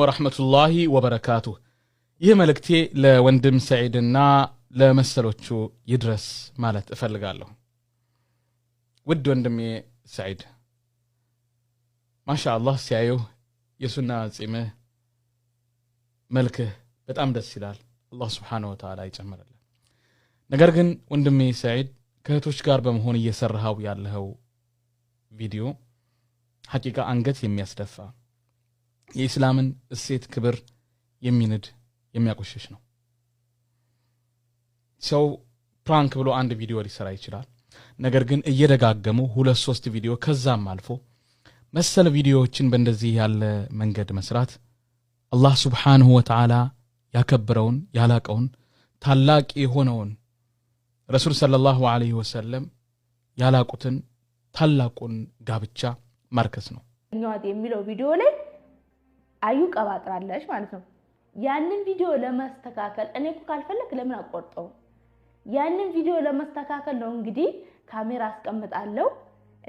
ወረሕመቱላሂ ወበረካቱ። ይህ መልእክቴ ለወንድም ሰዒድና ለመሰሎቹ ይድረስ ማለት እፈልጋለሁ። ውድ ወንድሜ ሰዒድ ማሻ አላህ ሲያዩህ የሱና ጺምህ፣ መልክህ በጣም ደስ ይላል። አላህ ስብሓነሁ ወተዓላ ይጨምርልን። ነገር ግን ወንድሜ ሰዒድ ከእህቶች ጋር በመሆን እየሰራኸው ያለኸው ቪዲዮ ሐቂቃ አንገት የሚያስደፋ የኢስላምን እሴት ክብር የሚንድ የሚያቆሸሽ ነው። ሰው ፕራንክ ብሎ አንድ ቪዲዮ ሊሰራ ይችላል። ነገር ግን እየደጋገሙ ሁለት ሶስት ቪዲዮ ከዛም አልፎ መሰል ቪዲዮዎችን በእንደዚህ ያለ መንገድ መስራት አላህ ስብሓንሁ ወተዓላ ያከበረውን ያላቀውን ታላቅ የሆነውን ረሱል ሰለላሁ ዐለይሂ ወሰለም ያላቁትን ታላቁን ጋብቻ ማርከስ ነው የሚለው ቪዲዮ ላይ አዩ ቀባጥራለች ማለት ነው። ያንን ቪዲዮ ለማስተካከል እኔ እኮ ካልፈለክ ለምን አቆርጠው? ያንን ቪዲዮ ለማስተካከል ነው እንግዲህ ካሜራ አስቀምጣለሁ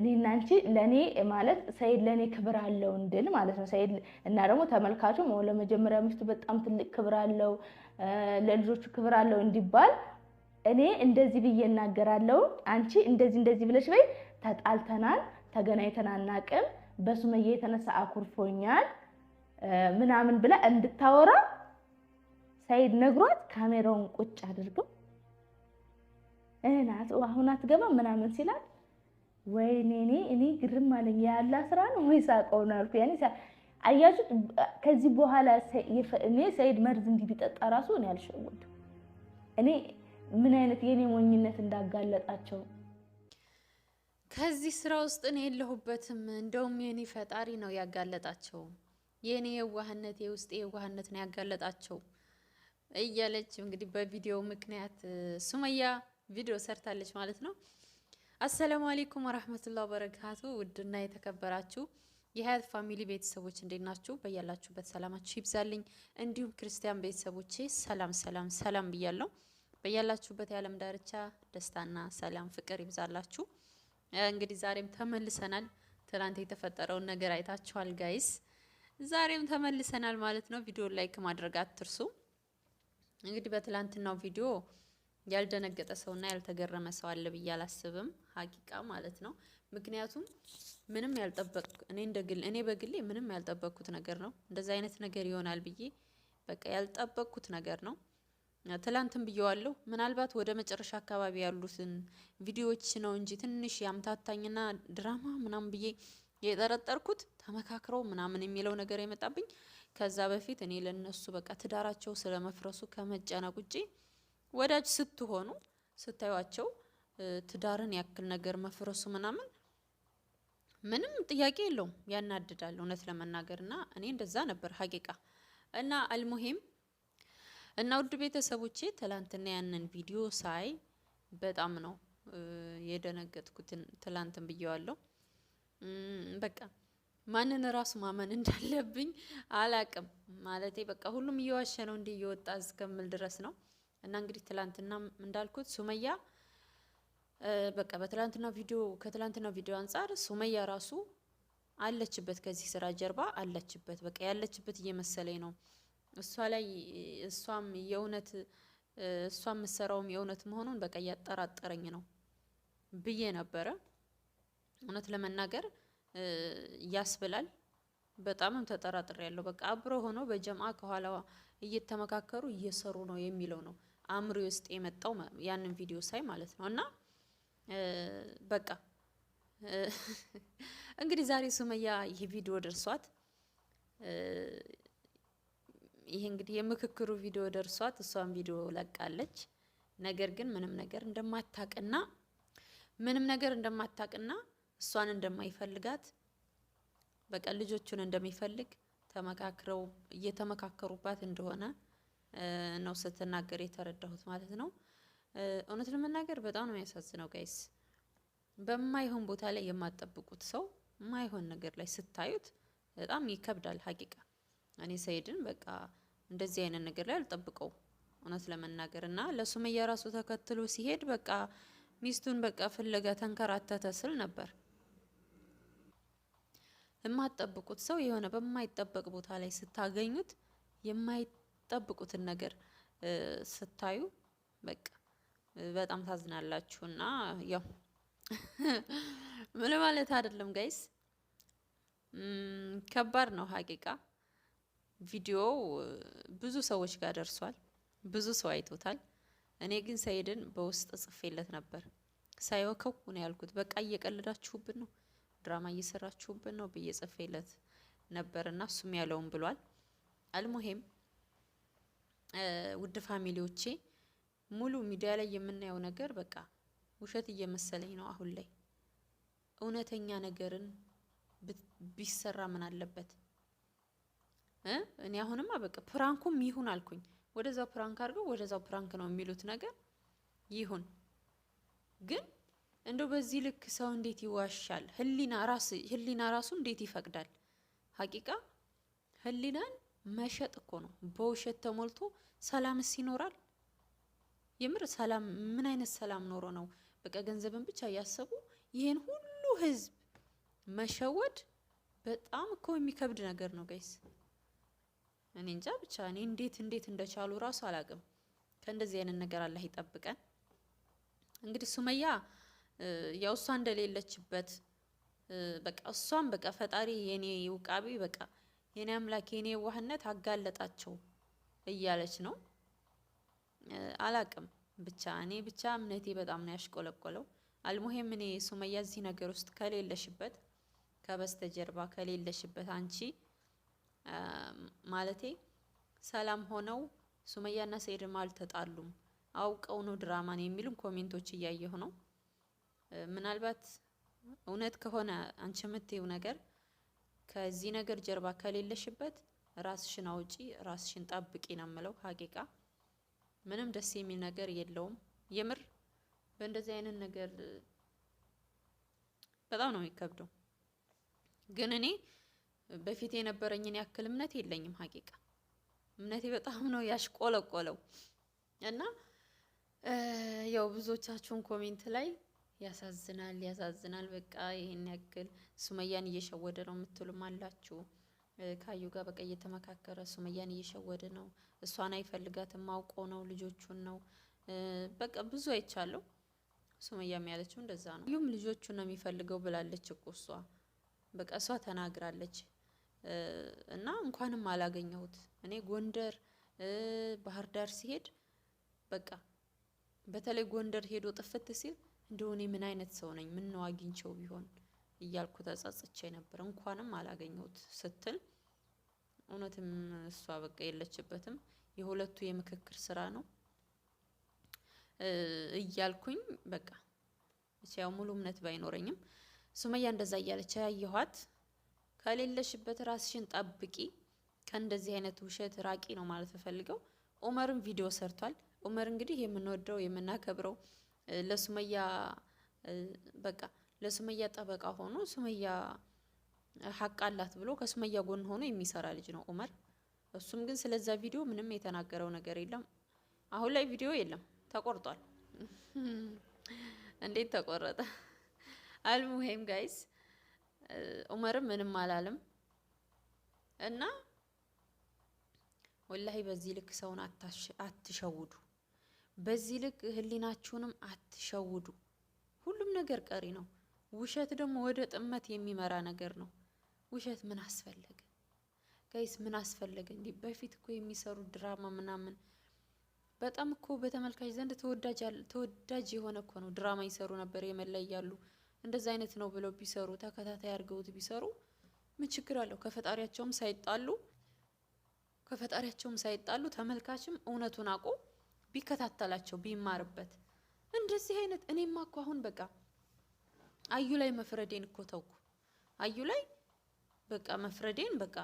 እኔና አንቺ ለእኔ ማለት ሰይድ ለእኔ ክብር አለው እንድል ማለት ነው። ሰይድ እና ደግሞ ተመልካቹ ለመጀመሪያ ሚስቱ በጣም ትልቅ ክብር አለው፣ ለልጆቹ ክብር አለው እንዲባል እኔ እንደዚህ ብዬ እናገራለሁ። አንቺ እንደዚህ እንደዚህ ብለሽ በይ፣ ተጣልተናል፣ ተገናኝተን አናቅም፣ በሱመያ የተነሳ አኩርፎኛል ምናምን ብላ እንድታወራ ሳይድ ነግሯት ካሜራውን ቁጭ አድርገው እናት አሁን አትገባ ምናምን ሲላል ወይኔ እኔ እኔ ግርም አለኝ ያላ ስራ ነው ወይስ አውቀው ነው አልኩ። ያኔ አያችሁት። ከዚህ በኋላ እኔ ሰይድ መርዝ እንዲህ ቢጠጣ ራሱ እኔ አልሸወድም። እኔ ምን አይነት የኔ ሞኝነት እንዳጋለጣቸው ከዚህ ስራ ውስጥ እኔ የለሁበትም። እንደውም የኔ ፈጣሪ ነው ያጋለጣቸውም። የእኔ የዋህነት የውስጤ የዋህነት ነው ያጋለጣቸው እያለች እንግዲህ በቪዲዮ ምክንያት ሱመያ ቪዲዮ ሰርታለች ማለት ነው። አሰላሙ አሌይኩም ወራህመቱላ ወበረካቱ። ውድና የተከበራችሁ የሀያት ፋሚሊ ቤተሰቦች እንዴት ናችሁ? በያላችሁበት ሰላማችሁ ይብዛልኝ። እንዲሁም ክርስቲያን ቤተሰቦቼ ሰላም ሰላም ሰላም ብያለሁ። በያላችሁበት የዓለም ዳርቻ ደስታና ሰላም ፍቅር ይብዛላችሁ። እንግዲህ ዛሬም ተመልሰናል። ትናንት የተፈጠረውን ነገር አይታችኋል ጋይስ ዛሬም ተመልሰናል ማለት ነው። ቪዲዮ ላይክ ማድረግ አትርሱ። እንግዲህ በትላንትናው ቪዲዮ ያልደነገጠ ሰውና ያልተገረመ ሰው አለ ብዬ አላስብም፣ ሀቂቃ ማለት ነው። ምክንያቱም ምንም ያልጠበቅ እኔ እንደ ግል እኔ በግሌ ምንም ያልጠበቅኩት ነገር ነው። እንደዚ አይነት ነገር ይሆናል ብዬ በቃ ያልጠበቅኩት ነገር ነው። ትላንትም ብየዋለሁ። ምናልባት ወደ መጨረሻ አካባቢ ያሉትን ቪዲዮዎች ነው እንጂ ትንሽ ያምታታኝና ድራማ ምናምን ብዬ የጠረጠርኩት ተመካክረው ምናምን የሚለው ነገር የመጣብኝ ከዛ በፊት እኔ ለነሱ በቃ ትዳራቸው ስለመፍረሱ ከመጨነቅ ውጪ ወዳጅ ስትሆኑ ስታዩቸው ትዳርን ያክል ነገር መፍረሱ ምናምን ምንም ጥያቄ የለውም። ያናድዳል እውነት ለመናገር እና እኔ እንደዛ ነበር ሀቂቃ እና አልሙሂም እና ውድ ቤተሰቦቼ ትላንትና ያንን ቪዲዮ ሳይ በጣም ነው የደነገጥኩትን። ትላንትን ብየዋለሁ በቃ ማንን ራሱ ማመን እንዳለብኝ አላቅም። ማለቴ በቃ ሁሉም እየዋሸ ነው እንዲህ እየወጣ እስከምል ድረስ ነው። እና እንግዲህ ትላንትና እንዳልኩት ሱመያ በቃ በትላንትና ቪዲዮ ከትላንትና ቪዲዮ አንጻር ሱመያ ራሱ አለችበት ከዚህ ስራ ጀርባ አለችበት። በቃ ያለችበት እየመሰለኝ ነው። እሷ ላይ እሷም የእውነት እሷ የምትሰራውም የእውነት መሆኑን በቃ እያጠራጠረኝ ነው ብዬ ነበረ እውነት ለመናገር ያስብላል። በጣምም ተጠራጥሬ ያለው በቃ አብሮ ሆኖ በጀምአ ከኋላ እየተመካከሩ እየሰሩ ነው የሚለው ነው አእምሮ ውስጥ የመጣው ያንን ቪዲዮ ሳይ ማለት ነው። እና በቃ እንግዲህ ዛሬ ሱመያ ይህ ቪዲዮ ደርሷት ይሄ እንግዲህ የምክክሩ ቪዲዮ ደርሷት እሷን ቪዲዮ ለቃለች። ነገር ግን ምንም ነገር እንደማታቅና ምንም ነገር እንደማታቅና እሷን እንደማይፈልጋት በቃ ልጆቹን እንደሚፈልግ ተመካክረው እየተመካከሩባት እንደሆነ ነው ስትናገር የተረዳሁት ማለት ነው። እውነት ለመናገር በጣም ነው የሚያሳዝነው ጋይስ። በማይሆን ቦታ ላይ የማጠብቁት ሰው ማይሆን ነገር ላይ ስታዩት በጣም ይከብዳል። ሀቂቃ እኔ ሰይድን በቃ እንደዚህ አይነት ነገር ላይ አልጠብቀው እውነት ለመናገር እና ለሱመያ ራሱ ተከትሎ ሲሄድ በቃ ሚስቱን በቃ ፍለጋ ተንከራተተ ስል ነበር የማትጠብቁት ሰው የሆነ በማይጠበቅ ቦታ ላይ ስታገኙት የማይጠብቁትን ነገር ስታዩ በቃ በጣም ታዝናላችሁ። እና ያው ምን ማለት አይደለም ጋይስ፣ ከባድ ነው ሀቂቃ። ቪዲዮው ብዙ ሰዎች ጋር ደርሷል፣ ብዙ ሰው አይቶታል። እኔ ግን ሰይድን በውስጥ ጽፌለት ነበር ሳይወከው ነው ያልኩት። በቃ እየቀለዳችሁብን ነው ድራማ እየሰራችሁብን ነው ብዬ ጽፌለት ነበር እና እሱም ያለውን ብሏል። አልሙሄም ውድ ፋሚሊዎቼ ሙሉ ሚዲያ ላይ የምናየው ነገር በቃ ውሸት እየመሰለኝ ነው አሁን ላይ። እውነተኛ ነገርን ቢሰራ ምን አለበት? እኔ አሁንማ በቃ ፕራንኩም ይሁን አልኩኝ። ወደዛው ፕራንክ አድርገው ወደዛው ፕራንክ ነው የሚሉት ነገር ይሁን ግን እንደው በዚህ ልክ ሰው እንዴት ይዋሻል? ህሊና ራስ ህሊና ራሱ እንዴት ይፈቅዳል? ሀቂቃ ህሊናን መሸጥ እኮ ነው። በውሸት ተሞልቶ ሰላምስ ይኖራል? የምር ሰላም ምን አይነት ሰላም ኖሮ ነው? በቃ ገንዘብን ብቻ እያሰቡ ይህን ሁሉ ህዝብ መሸወድ በጣም እኮ የሚከብድ ነገር ነው ጋይስ። እኔ እንጃ ብቻ እኔ እንዴት እንዴት እንደቻሉ ራሱ አላቅም። ከእንደዚህ አይነት ነገር አላህ ይጠብቀን። እንግዲህ ሱመያ ያው እሷ እንደሌለችበት በቃ እሷም በቃ ፈጣሪ የኔ ውቃቢ በቃ የኔ አምላክ የኔ ዋህነት አጋለጣቸው እያለች ነው። አላቅም ብቻ እኔ ብቻ እምነቴ በጣም ነው ያሽቆለቆለው። አልሙሄም እኔ ሱመያ እዚህ ነገር ውስጥ ከሌለሽበት ከበስተጀርባ ከሌለሽበት አንቺ ማለቴ ሰላም ሆነው ሱመያና ሰይድም አልተጣሉም አውቀው ነው ድራማን የሚሉም ኮሜንቶች እያየሁ ነው። ምናልባት እውነት ከሆነ አንቺ የምትይው ነገር ከዚህ ነገር ጀርባ ከሌለሽበት ራስሽን አውጪ፣ ራስሽን ጣብቂ ነው የምለው። ሀቂቃ ምንም ደስ የሚል ነገር የለውም። የምር በእንደዚህ አይነት ነገር በጣም ነው የሚከብደው። ግን እኔ በፊት የነበረኝን ያክል እምነት የለኝም። ሀቂቃ እምነቴ በጣም ነው ያሽቆለቆለው እና ያው ብዙዎቻችሁን ኮሜንት ላይ ያሳዝናል፣ ያሳዝናል። በቃ ይህን ያክል ሱመያን እየሸወደ ነው የምትሉም አላችሁ። ካዩ ጋር በቃ እየተመካከረ ሱመያን እየሸወደ ነው። እሷን አይፈልጋትም፣ አውቆ ነው፣ ልጆቹን ነው። በቃ ብዙ አይቻለሁ። ሱመያም ያለችው እንደዛ ነው። ካዩም ልጆቹን ነው የሚፈልገው ብላለች እኮ እሷ በቃ እሷ ተናግራለች። እና እንኳንም አላገኘሁት እኔ ጎንደር ባህር ዳር ሲሄድ በቃ በተለይ ጎንደር ሄዶ ጥፍት ሲል እኔ ምን አይነት ሰው ነኝ? ምን ነው አግኝቼው ቢሆን እያልኩ ተጸጽቼ ነበር። እንኳንም አላገኘሁት ስትል እውነትም እሷ በቃ የለችበትም። የሁለቱ የምክክር ስራ ነው እያልኩኝ በቃ ያው ሙሉ እምነት ባይኖረኝም ሱመያ እንደዛ እያለች ያየኋት ከሌለሽበት ራስሽን ጠብቂ፣ ከእንደዚህ አይነት ውሸት ራቂ ነው ማለት ፈልገው። ኡመርም ቪዲዮ ሰርቷል። ኡመር እንግዲህ የምንወደው የምናከብረው ለሱመያ በቃ ለሱመያ ጠበቃ ሆኖ ሱመያ ሀቅ አላት ብሎ ከሱመያ ጎን ሆኖ የሚሰራ ልጅ ነው ኡመር። እሱም ግን ስለዛ ቪዲዮ ምንም የተናገረው ነገር የለም። አሁን ላይ ቪዲዮ የለም፣ ተቆርጧል። እንዴት ተቆረጠ? አልሙሄም ጋይስ ኡመርም ምንም አላለም እና ወላሂ በዚህ ልክ ሰውን አትሸውዱ። በዚህ ልክ ህሊናችሁንም አትሸውዱ። ሁሉም ነገር ቀሪ ነው። ውሸት ደግሞ ወደ ጥመት የሚመራ ነገር ነው። ውሸት ምን አስፈለገ ጋይስ? ምን አስፈለገ እንዲ በፊት እኮ የሚሰሩ ድራማ ምናምን በጣም እኮ በተመልካች ዘንድ ተወዳጅ የሆነ እኮ ነው። ድራማ ይሰሩ ነበር የመን ያሉ እንደዚ አይነት ነው ብለው ቢሰሩ ተከታታይ አድርገውት ቢሰሩ ምን ችግር አለው? ከፈጣሪያቸውም ሳይጣሉ ከፈጣሪያቸውም ሳይጣሉ ተመልካችም እውነቱን አቆ ቢከታተላቸው ቢማርበት እንደዚህ አይነት እኔማ እኮ አሁን በቃ አዩ ላይ መፍረዴን እኮ ተውኩ። አዩ ላይ በቃ መፍረዴን በቃ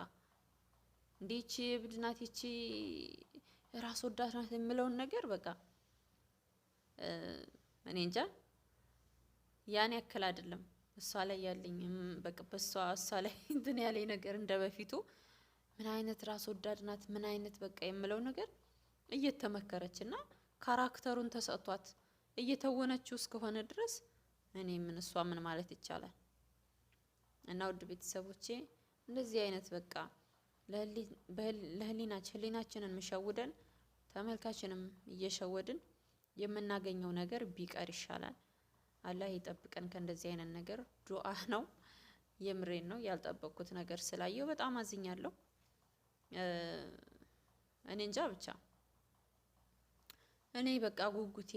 እንዲቺ ብድናት ይቺ ራስ ወዳት ናት የሚለውን ነገር በቃ እኔ እንጃ ያን ያክል አይደለም። እሷ ላይ ያለኝ በቃ በሷ እሷ ላይ እንትን ያለኝ ነገር እንደ በፊቱ ምን አይነት ራስ ወዳድ ናት ምን አይነት በቃ የምለው ነገር እና ካራክተሩን ተሰጥቷት እየተወነችው እስከሆነ ድረስ እኔ ምን እሷ ምን ማለት ይቻላል። እና ውድ ቤተሰቦቼ እንደዚህ አይነት በቃ ለህሊናችን ህሊናችንን ምሸውደን ተመልካችንም እየሸወድን የምናገኘው ነገር ቢቀር ይሻላል። አላህ ይጠብቀን ከእንደዚህ አይነት ነገር። ዱአ ነው፣ የምሬን ነው። ያልጠበቅኩት ነገር ስላየው በጣም አዝኛለሁ። እኔ እንጃ ብቻ እኔ በቃ ጉጉቴ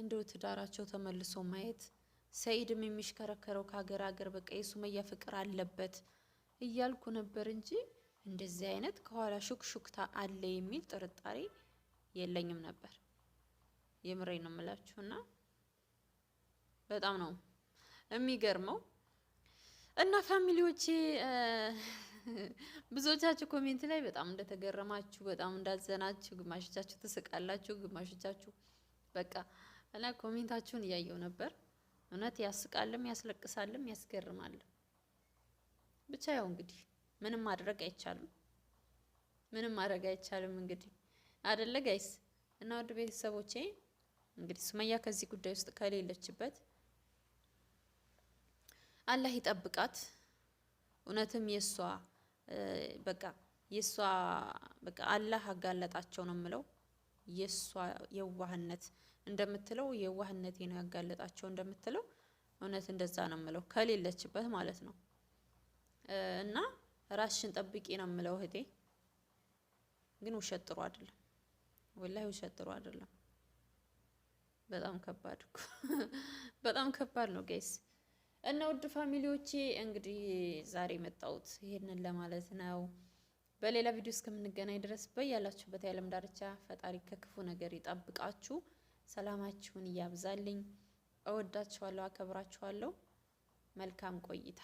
እንደው ትዳራቸው ተመልሶ ማየት ሰኢድም የሚሽከረከረው ከሀገር ሀገር በቃ የሱመያ ፍቅር አለበት እያልኩ ነበር እንጂ እንደዚህ አይነት ከኋላ ሹክሹክታ አለ የሚል ጥርጣሬ የለኝም ነበር። የምሬ ነው የምላችሁና በጣም ነው የሚገርመው እና ፋሚሊዎቼ ብዙዎቻችሁ ኮሜንት ላይ በጣም እንደተገረማችሁ በጣም እንዳዘናችሁ፣ ግማሾቻችሁ ትስቃላችሁ፣ ግማሾቻችሁ በቃ እና ኮሜንታችሁን እያየው ነበር። እውነት ያስቃልም፣ ያስለቅሳልም፣ ያስገርማል ብቻ ያው እንግዲህ ምንም ማድረግ አይቻልም፣ ምንም ማድረግ አይቻልም። እንግዲህ አደለ ጋይስ እና ውድ ቤተሰቦቼ እንግዲህ ሱመያ ከዚህ ጉዳይ ውስጥ ከሌለችበት አላህ ይጠብቃት። እውነትም የእሷ በቃ የእሷ በቃ አላህ አጋለጣቸው ነው የምለው። የእሷ የዋህነት እንደምትለው የዋህነት ነው ያጋለጣቸው እንደምትለው እውነት እንደዛ ነው የምለው ከሌለችበት ማለት ነው። እና ራስሽን ጠብቂ ነው የምለው እህቴ። ግን ውሸት ጥሩ አይደለም፣ ወላሂ ውሸት ጥሩ አይደለም። በጣም ከባድ በጣም ከባድ ነው ጌስ። እና ውድ ፋሚሊዎቼ እንግዲህ ዛሬ መጣሁት ይሄንን ለማለት ነው። በሌላ ቪዲዮ እስከምንገናኝ ድረስ በያላችሁበት የዓለም ዳርቻ ፈጣሪ ከክፉ ነገር ይጠብቃችሁ፣ ሰላማችሁን እያብዛልኝ። እወዳችኋለሁ፣ አከብራችኋለሁ። መልካም ቆይታ